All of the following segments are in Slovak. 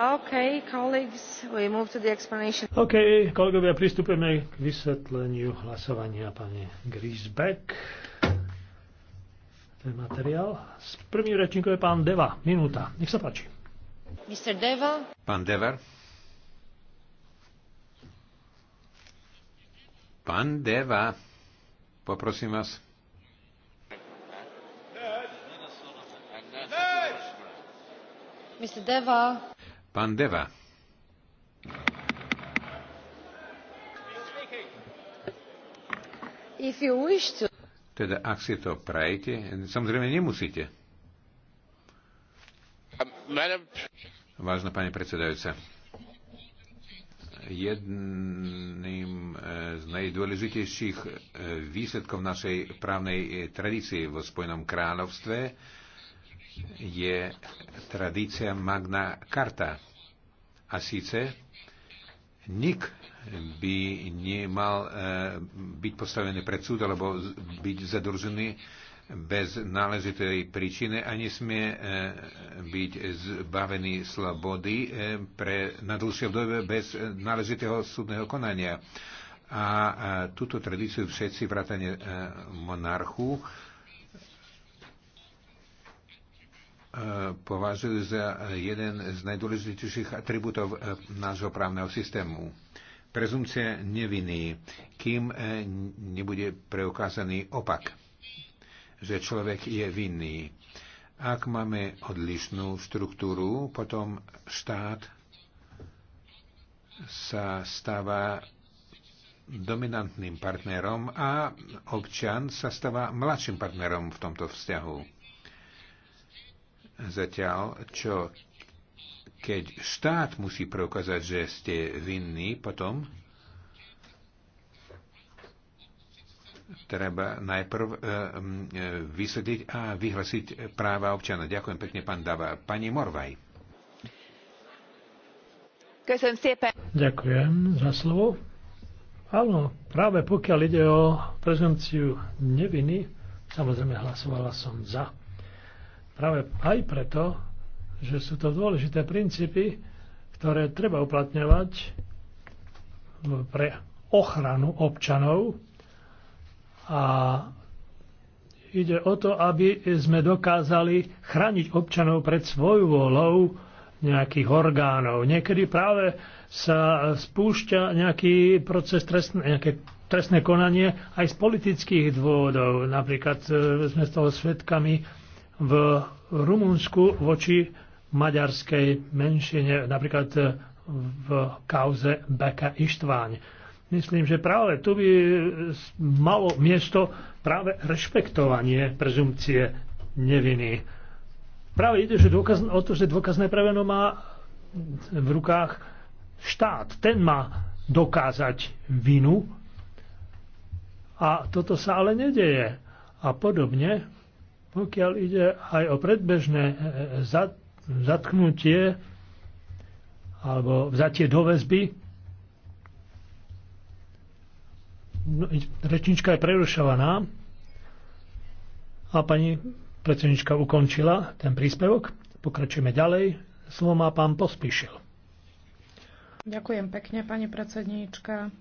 OK, kolegovia, pristúpime k vysvetleniu hlasovania pani Grisbeck. Ten materiál. S prvým rečníkom je pán Deva. Minúta. Nech sa páči. Mr. Deva. Pán Deva. Pán Deva, poprosím vás. Mr. Deva. Pán Deva. To... Teda, ak si to prajete, samozrejme nemusíte. Um, Vážna pani predsedajúca, jedným e, z najdôležitejších e, výsledkov našej právnej e, tradície vo Spojenom kráľovstve je tradícia Magna Carta. A síce nik by nemal e, byť postavený pred súd alebo byť zadržený bez náležitej príčiny a nesmie e, byť zbavený slobody e, pre, na dlhšie obdobie bez náležitého súdneho konania. A túto tradíciu všetci vrátane monarchu Eh, považujú za jeden z najdôležitejších atribútov eh, nášho právneho systému. Prezumcia neviny, kým eh, nebude preukázaný opak, že človek je vinný. Ak máme odlišnú štruktúru, potom štát sa stáva dominantným partnerom a občan sa stáva mladším partnerom v tomto vzťahu Zatiaľ, čo keď štát musí preukázať, že ste vinní, potom treba najprv e, e, vysvetliť a vyhlasiť práva občana. Ďakujem pekne, pán Dava. Pani Morvaj. Ďakujem za slovo. Áno, práve pokiaľ ide o prezumciu neviny, samozrejme hlasovala som za Práve aj preto, že sú to dôležité princípy, ktoré treba uplatňovať pre ochranu občanov a ide o to, aby sme dokázali chrániť občanov pred svojou volou nejakých orgánov. Niekedy práve sa spúšťa nejaký proces trestné, nejaké trestné konanie aj z politických dôvodov. Napríklad e, sme z toho svetkami v Rumunsku voči maďarskej menšine, napríklad v kauze Beka Ištváň. Myslím, že práve tu by malo miesto práve rešpektovanie prezumcie neviny. Práve ide že dôkaz, o to, že dôkazné preveno má v rukách štát. Ten má dokázať vinu a toto sa ale nedeje. A podobne pokiaľ ide aj o predbežné e, e, zatknutie alebo vzatie do väzby, no, rečnička je prerušovaná a pani predsednička ukončila ten príspevok. Pokračujeme ďalej. Slovo má pán Pospíšil. Ďakujem pekne, pani predsedníčka.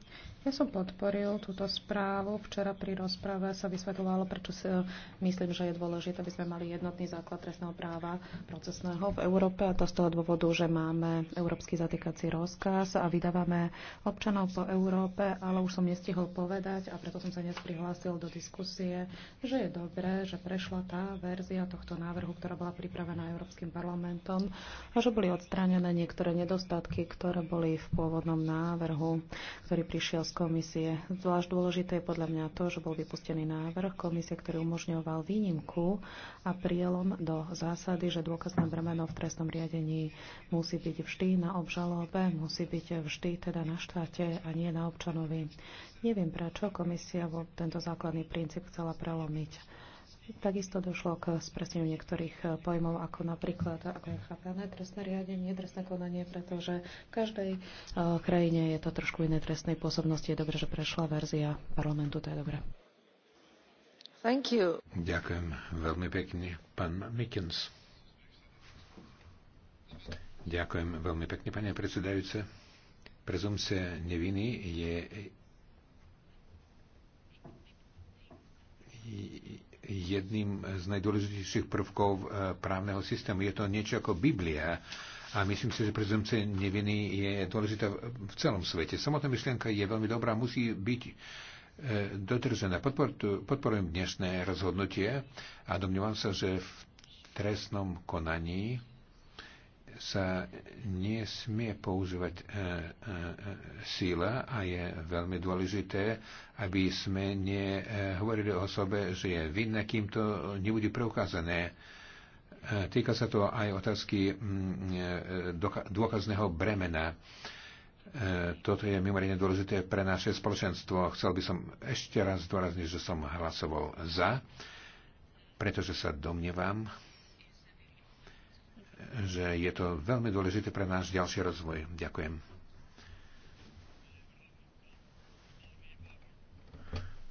Ja som podporil túto správu. Včera pri rozprave sa vysvetľovalo, prečo si eh, myslím, že je dôležité, aby sme mali jednotný základ trestného práva procesného v Európe a to z toho dôvodu, že máme európsky zatýkací rozkaz a vydávame občanov po Európe, ale už som nestihol povedať a preto som sa dnes prihlásil do diskusie, že je dobré, že prešla tá verzia tohto návrhu, ktorá bola pripravená Európskym parlamentom a že boli odstránené niektoré nedostatky, ktoré boli v pôvodnom návrhu, ktorý prišiel z komisie. Zvlášť dôležité je podľa mňa to, že bol vypustený návrh komisie, ktorý umožňoval výnimku a prielom do zásady, že dôkazné bremeno v trestnom riadení musí byť vždy na obžalobe, musí byť vždy teda na štáte a nie na občanovi. Neviem, prečo komisia tento základný princíp chcela prelomiť Takisto došlo k spresneniu niektorých eh, pojmov, ako napríklad, ako je chápané trestné riadenie, trestné konanie, pretože v každej eh, krajine je to trošku iné trestnej pôsobnosti. Je dobré, že prešla verzia parlamentu, to je dobré. Thank you. Ďakujem veľmi pekne, pán Mikens. Ďakujem veľmi pekne, pani predsedajúce. Prezumcia neviny je jedným z najdôležitejších prvkov e, právneho systému. Je to niečo ako Biblia a myslím si, že prezumcie neviny je dôležitá v celom svete. Samotná myšlienka je veľmi dobrá, musí byť e, dodržená. Podporujem dnešné rozhodnutie a domnívam sa, že v trestnom konaní sa nesmie používať e, e, e, síla a je veľmi dôležité, aby sme nehovorili o osobe, že je vinná, kým to nebude preukázané. Týka sa to aj otázky dôkazného bremena. Toto je mimoriadne dôležité pre naše spoločenstvo. Chcel by som ešte raz zdôrazniť, že som hlasoval za, pretože sa domnievam, že je to veľmi dôležité pre náš ďalší rozvoj. Ďakujem.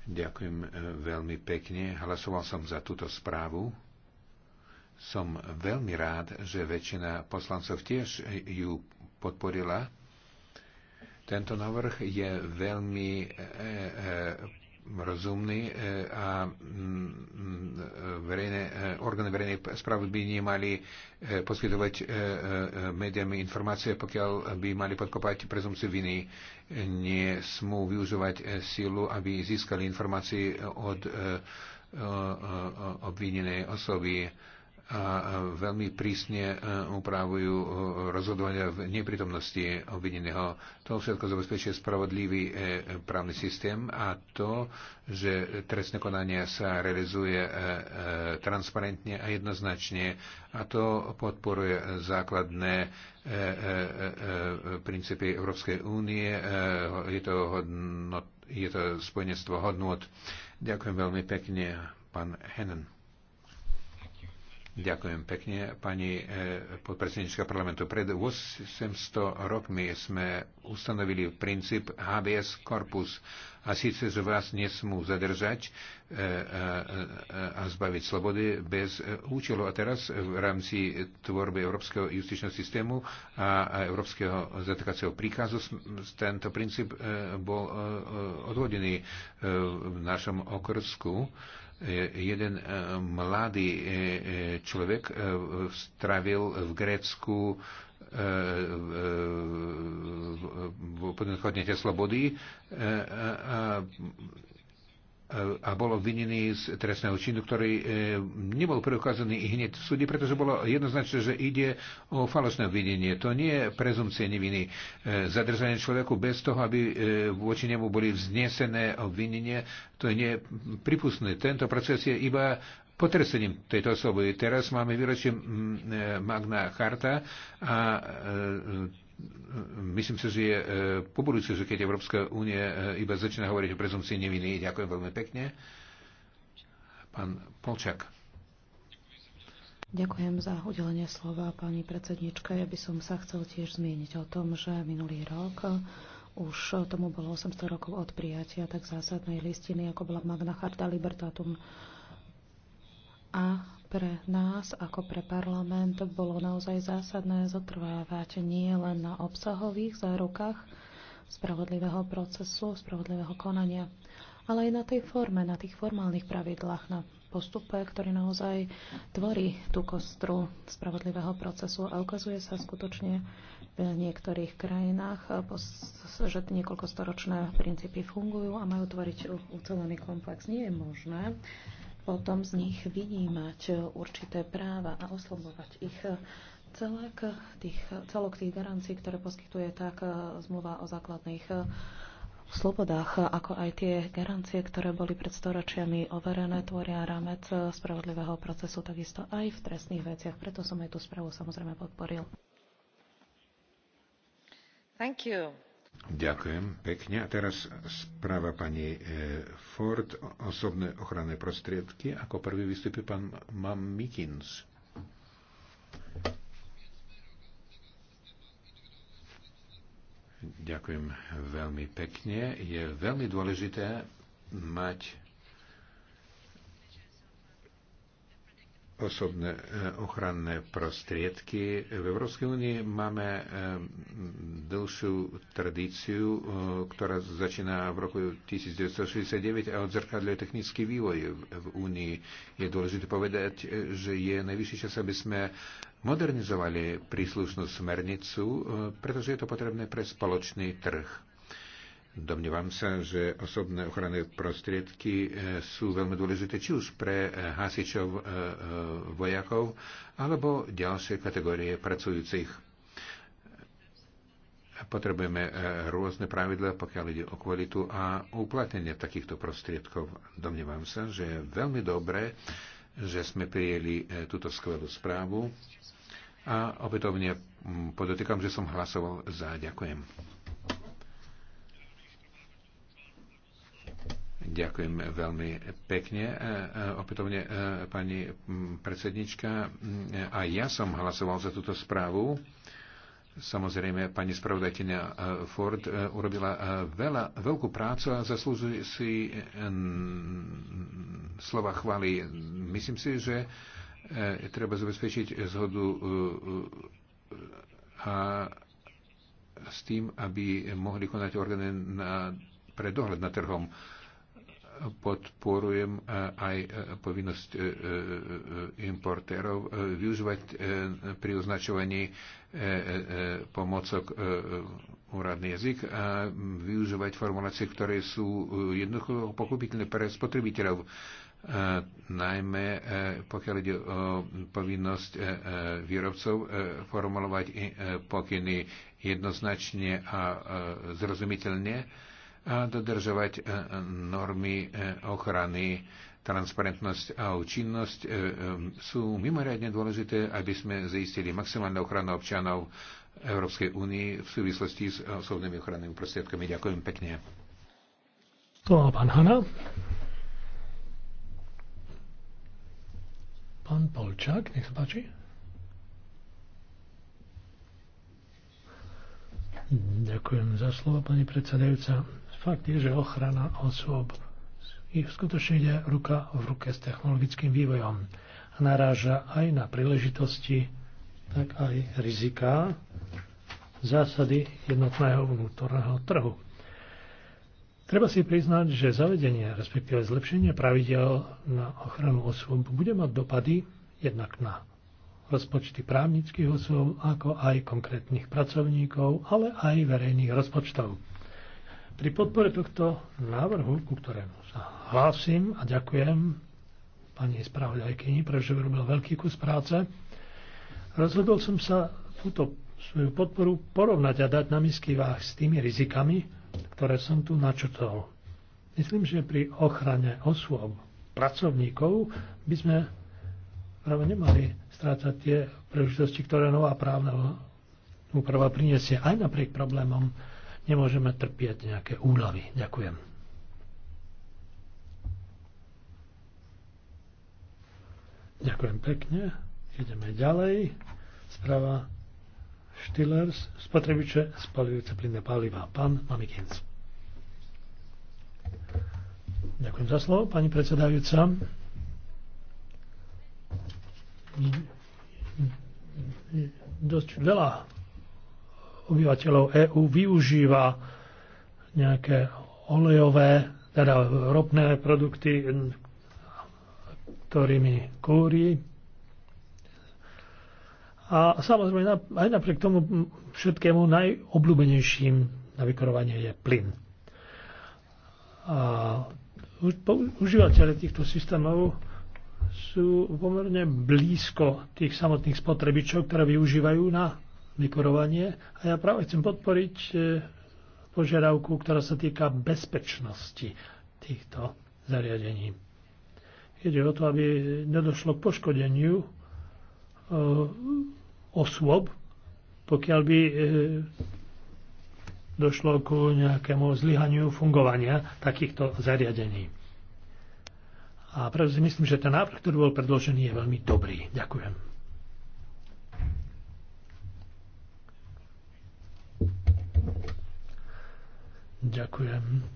Ďakujem e, veľmi pekne. Hlasoval som za túto správu. Som veľmi rád, že väčšina poslancov tiež ju podporila. Tento návrh je veľmi e, e, rozumný e, a mm, verejné, e, orgány verejnej správy by nemali e, poskytovať médiami informácie, pokiaľ by mali podkopať prezumciu viny. Nesmú využívať silu, aby získali informácie od obvinenej osoby a veľmi prísne e, upravujú e, rozhodovania v neprítomnosti obvineného. To všetko zabezpečuje spravodlivý e, právny systém a to, že trestné konanie sa realizuje transparentne a jednoznačne a to podporuje základné princípy Európskej únie. Je to, hodnot, je to spojenectvo hodnot. Ďakujem veľmi pekne, pán Henen. Ďakujem pekne. Pani eh, podpredsednička parlamentu, pred 800 rokmi sme ustanovili princíp HBS corpus a síce z vás nesmú zadržať eh, eh, a zbaviť slobody bez účelu. A teraz v rámci tvorby Európskeho justičného systému a Európskeho zatýkacieho príkazu tento princíp bol odhodený v našom okrsku jeden mladý človek stravil v Grécku v podnichodnete slobody a a bol obvinený z trestného činu, ktorý e, nebol preukázaný hneď v súde, pretože bolo jednoznačné, že ide o falošné obvinenie. To nie je prezumcie neviny. E, zadržanie človeku bez toho, aby e, voči nemu boli vznesené obvinenie, to nie je pripustné. Tento proces je iba potresením tejto osoby. Teraz máme výročie mm, Magna Charta a Myslím si, že je e, pobudujúce, že keď Európska únie e, iba začína hovoriť o prezumcii neviny. Ďakujem veľmi pekne. Pán Polčak. Ďakujem za udelenie slova, pani predsednička. Ja by som sa chcel tiež zmieniť o tom, že minulý rok už tomu bolo 800 rokov od prijatia tak zásadnej listiny, ako bola Magna Charta Libertatum. A pre nás, ako pre parlament, bolo naozaj zásadné zotrvávať nie len na obsahových zárukách spravodlivého procesu, spravodlivého konania, ale aj na tej forme, na tých formálnych pravidlách, na postupe, ktorý naozaj tvorí tú kostru spravodlivého procesu a ukazuje sa skutočne v niektorých krajinách, že niekoľko storočné princípy fungujú a majú tvoriť ucelený komplex. Nie je možné, potom z nich vynímať určité práva a oslobovať ich celok tých, celok tých garancií, ktoré poskytuje tak zmluva o základných slobodách, ako aj tie garancie, ktoré boli pred storočiami overené, tvoria rámec spravodlivého procesu takisto aj v trestných veciach. Preto som aj tú správu samozrejme podporil. Thank you. Ďakujem pekne. A teraz správa pani e, Ford, osobné ochranné prostriedky. Ako prvý vystupí pán Mam Mikins. Ďakujem veľmi pekne. Je veľmi dôležité mať osobné e, ochranné prostriedky. V Európskej únii máme e, dlhšiu tradíciu, e, ktorá začína v roku 1969 a odzrkadľuje technický vývoj v únii. Je dôležité povedať, že je najvyšší čas, aby sme modernizovali príslušnú smernicu, pretože je to potrebné pre spoločný trh Domnievam sa, že osobné ochranné prostriedky e, sú veľmi dôležité či už pre e, hasičov, e, vojakov alebo ďalšie kategórie pracujúcich. Potrebujeme rôzne pravidla, pokiaľ ide o kvalitu a uplatnenie takýchto prostriedkov. Domnievam sa, že je veľmi dobré, že sme prijeli túto skvelú správu a opätovne podotýkam, že som hlasoval za. Ďakujem. Ďakujem veľmi pekne. E, e, opätovne, e, pani predsednička, a ja som hlasoval za túto správu. Samozrejme, pani spravodajkynia Ford urobila veľa, veľkú prácu a zaslúži si slova chvály. Myslím si, že treba zabezpečiť zhodu a s tým, aby mohli konať orgány na, pre dohľad nad trhom podporujem e, aj e, povinnosť e, importérov využívať pri označovaní pomocok úradný jazyk a využívať formulácie, ktoré sú jednoducho pochopiteľné pre spotrebiteľov najmä pokiaľ ide o povinnosť výrobcov formulovať pokyny jednoznačne a zrozumiteľne a dodržovať e, e, normy e, ochrany, transparentnosť a účinnosť sú mimoriadne dôležité, aby sme zistili maximálnu ochranu občanov Európskej únie v súvislosti s osobnými ochrannými prostriedkami. Ďakujem pekne. To má pán Hanna. Pán Polčák, nech sa páči. Ďakujem za slovo, pani predsedajúca. Fakt je, že ochrana osôb ich skutočne ide ruka v ruke s technologickým vývojom. A naráža aj na príležitosti, tak aj riziká zásady jednotného vnútorného trhu. Treba si priznať, že zavedenie, respektíve zlepšenie pravidel na ochranu osôb bude mať dopady jednak na rozpočty právnických osôb, ako aj konkrétnych pracovníkov, ale aj verejných rozpočtov. Pri podpore tohto návrhu, ku ktorému sa hlásim a ďakujem pani spravodajkyni, pretože robila veľký kus práce, rozhodol som sa túto svoju podporu porovnať a dať na misky váh s tými rizikami, ktoré som tu načrtol. Myslím, že pri ochrane osôb, pracovníkov by sme práve nemali strácať tie príležitosti, ktoré nová právna úprava prinesie aj napriek problémom nemôžeme trpieť nejaké úľavy. Ďakujem. Ďakujem pekne. Ideme ďalej. Správa Stillers, spotrebiče spalujúce plynné paliva. Pán Mamikins. Ďakujem za slovo, pani predsedajúca. Dosť veľa obyvateľov EÚ využíva nejaké olejové, teda ropné produkty, ktorými kúri. A samozrejme, aj napriek tomu všetkému najobľúbenejším na vykorovanie je plyn. A užívateľe týchto systémov sú pomerne blízko tých samotných spotrebičov, ktoré využívajú na vyporovanie. A ja práve chcem podporiť e, požiadavku, ktorá sa týka bezpečnosti týchto zariadení. Ide o to, aby nedošlo k poškodeniu e, osôb, pokiaľ by e, došlo ku nejakému zlyhaniu fungovania takýchto zariadení. A preto si myslím, že ten návrh, ktorý bol predložený, je veľmi dobrý. Ďakujem. Ďakujem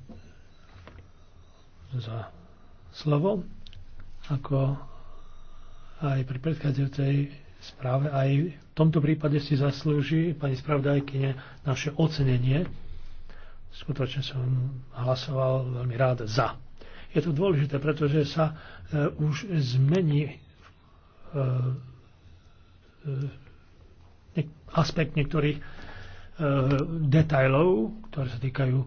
za slovo. Ako aj pri predchádzajúcej správe, aj v tomto prípade si zaslúži pani spravodajkyne naše ocenenie. Skutočne som hlasoval veľmi rád za. Je to dôležité, pretože sa e, už zmení e, e, aspekt niektorých Eh, detajlov, ktoré sa týkajú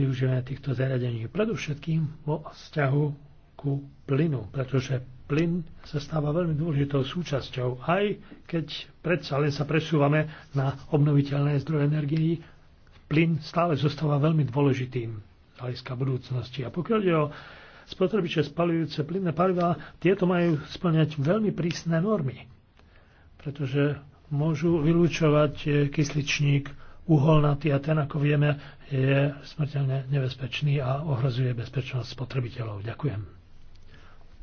využívania týchto zariadení. Predovšetkým vo vzťahu ku plynu, pretože plyn sa stáva veľmi dôležitou súčasťou, aj keď predsa len sa presúvame na obnoviteľné zdroje energii, plyn stále zostáva veľmi dôležitým z hľadiska budúcnosti. A pokiaľ ide o spotrebiče spalujúce plynné paliva, tieto majú splňať veľmi prísne normy, pretože môžu vylúčovať e, kysličník uholnatý a ten, ako vieme, je smrteľne nebezpečný a ohrozuje bezpečnosť spotrebiteľov. Ďakujem.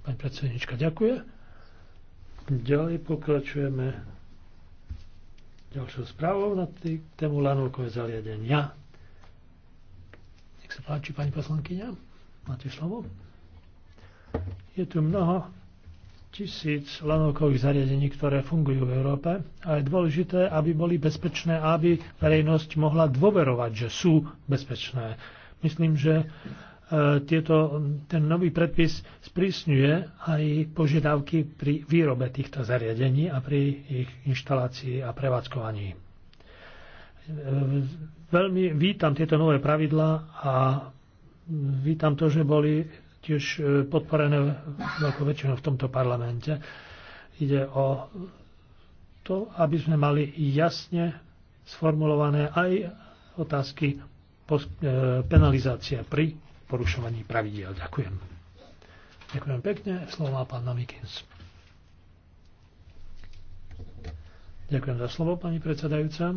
Pani predsednička, ďakujem. Ďalej pokračujeme ďalšou správou na tému lanulkové zariadenia. Nech sa páči, pani poslankyňa, máte slovo. Je tu mnoho tisíc lanovkových zariadení, ktoré fungujú v Európe a je dôležité, aby boli bezpečné, aby verejnosť mohla dôverovať, že sú bezpečné. Myslím, že e, tieto, ten nový predpis sprísňuje aj požiadavky pri výrobe týchto zariadení a pri ich inštalácii a prevádzkovaní. E, veľmi vítam tieto nové pravidlá a vítam to, že boli tiež e, podporené veľkou väčšinou v tomto parlamente. Ide o to, aby sme mali jasne sformulované aj otázky e, penalizácia pri porušovaní pravidiel. Ďakujem. Ďakujem pekne. Slovo má pán Namikins. Ďakujem za slovo, pani predsedajúca.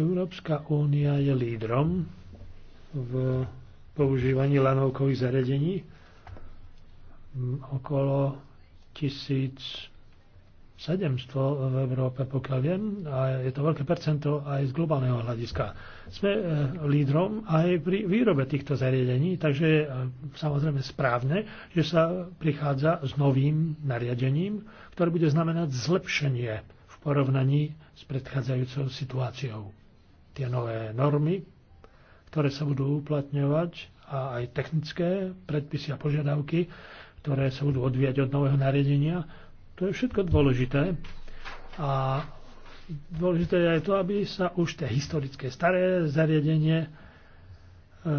Európska únia je lídrom v používaní lanovkových zariadení okolo 1700 v Európe, pokiaľ viem, a je to veľké percento aj z globálneho hľadiska. Sme e, lídrom aj pri výrobe týchto zariadení, takže je e, samozrejme správne, že sa prichádza s novým nariadením, ktoré bude znamenať zlepšenie v porovnaní s predchádzajúcou situáciou. Tie nové normy ktoré sa budú uplatňovať a aj technické predpisy a požiadavky, ktoré sa budú odvíjať od nového nariadenia. To je všetko dôležité. A dôležité je aj to, aby sa už tie historické staré zariadenie e, e,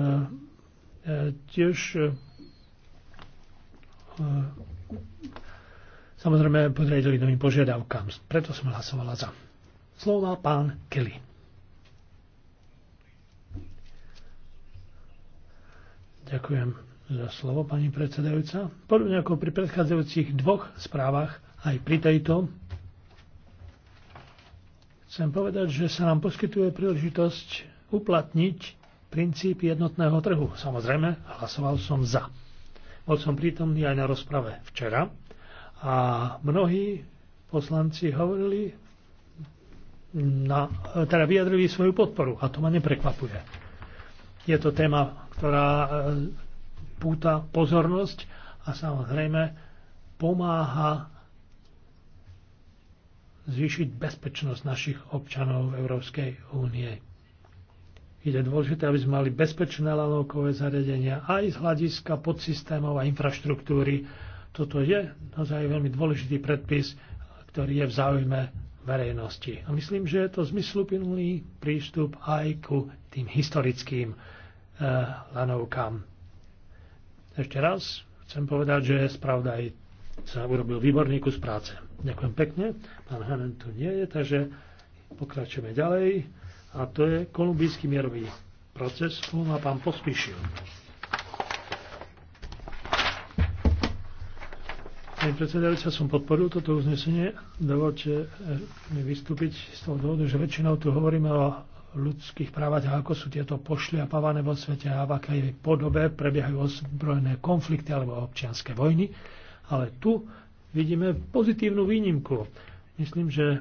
tiež e, samozrejme podriadili novým požiadavkám. Preto som hlasovala za. Slova pán Kelly. Ďakujem za slovo, pani predsedajúca. Podobne ako pri predchádzajúcich dvoch správach, aj pri tejto chcem povedať, že sa nám poskytuje príležitosť uplatniť princíp jednotného trhu. Samozrejme, hlasoval som za. Bol som prítomný aj na rozprave včera a mnohí poslanci hovorili, na, teda vyjadrili svoju podporu a to ma neprekvapuje. Je to téma ktorá e, púta pozornosť a samozrejme pomáha zvýšiť bezpečnosť našich občanov Európskej únie. Je dôležité, aby sme mali bezpečné lanovkové zariadenia aj z hľadiska podsystémov a infraštruktúry. Toto je naozaj veľmi dôležitý predpis, ktorý je v záujme verejnosti. A myslím, že je to zmysluplný prístup aj ku tým historickým Eh, lanovkám. Ešte raz chcem povedať, že spravodaj sa urobil výborný kus práce. Ďakujem pekne. Pán Hanen tu nie je, takže pokračujeme ďalej. A to je kolumbijský mierový proces. Tu má pán Pospíšil. Pani predsedajúca, som podporil toto uznesenie. Dovolte eh, mi vystúpiť z toho dôvodu, že väčšinou tu hovoríme o ľudských právach ako sú tieto pošliapávané vo svete a v akej podobe prebiehajú ozbrojené konflikty alebo občianské vojny. Ale tu vidíme pozitívnu výnimku. Myslím, že e,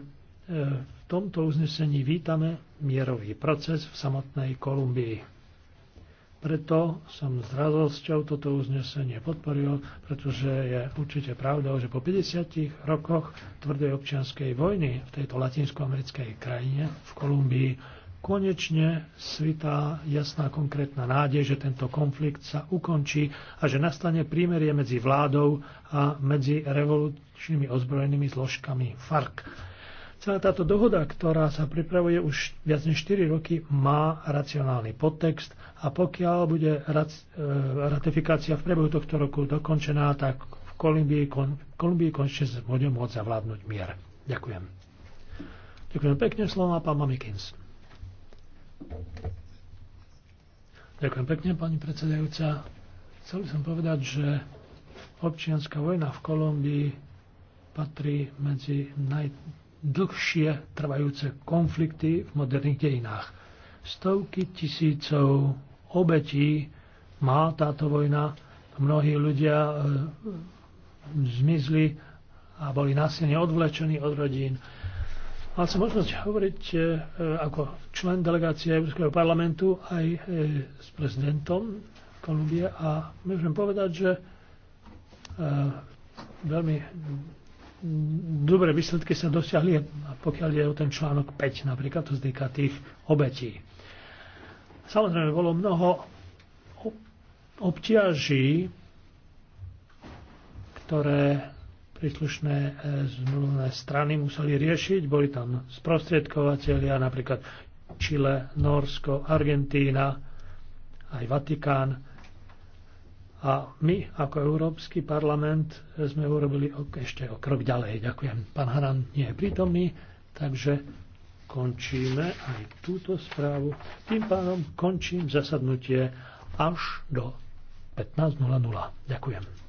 v tomto uznesení vítame mierový proces v samotnej Kolumbii. Preto som s radosťou toto uznesenie podporil, pretože je určite pravdou, že po 50 rokoch tvrdej občianskej vojny v tejto latinskoamerickej krajine, v Kolumbii, konečne svitá jasná konkrétna nádej, že tento konflikt sa ukončí a že nastane prímerie medzi vládou a medzi revolučnými ozbrojenými zložkami FARC. Celá táto dohoda, ktorá sa pripravuje už viac než 4 roky, má racionálny podtext a pokiaľ bude e, ratifikácia v priebehu tohto roku dokončená, tak v Kolumbii, Kolumbii konečne bude môcť zavládnuť mier. Ďakujem. Ďakujem pekne, slova pán Mamikins. Ďakujem pekne, pani predsedajúca. Chcel by som povedať, že občianská vojna v Kolumbii patrí medzi najdlhšie trvajúce konflikty v moderných dejinách. Stovky tisícov obetí má táto vojna. Mnohí ľudia e, zmizli a boli násilne odvlečení od rodín. Mal som možnosť hovoriť e, e, ako člen delegácie Európskeho parlamentu aj e, s prezidentom Kolumbie a môžem povedať, že veľmi dobré výsledky sa dosiahli, pokiaľ je o ten článok 5 napríklad, to zdýka tých obetí. Samozrejme, bolo mnoho obťaží, ktoré príslušné e, zmluvné strany museli riešiť. Boli tam sprostredkovateľia, napríklad Čile, Norsko, Argentína, aj Vatikán. A my ako Európsky parlament sme urobili ešte o krok ďalej. Ďakujem. Pán Haran nie je prítomný, takže končíme aj túto správu. Tým pádom končím zasadnutie až do 15.00. Ďakujem.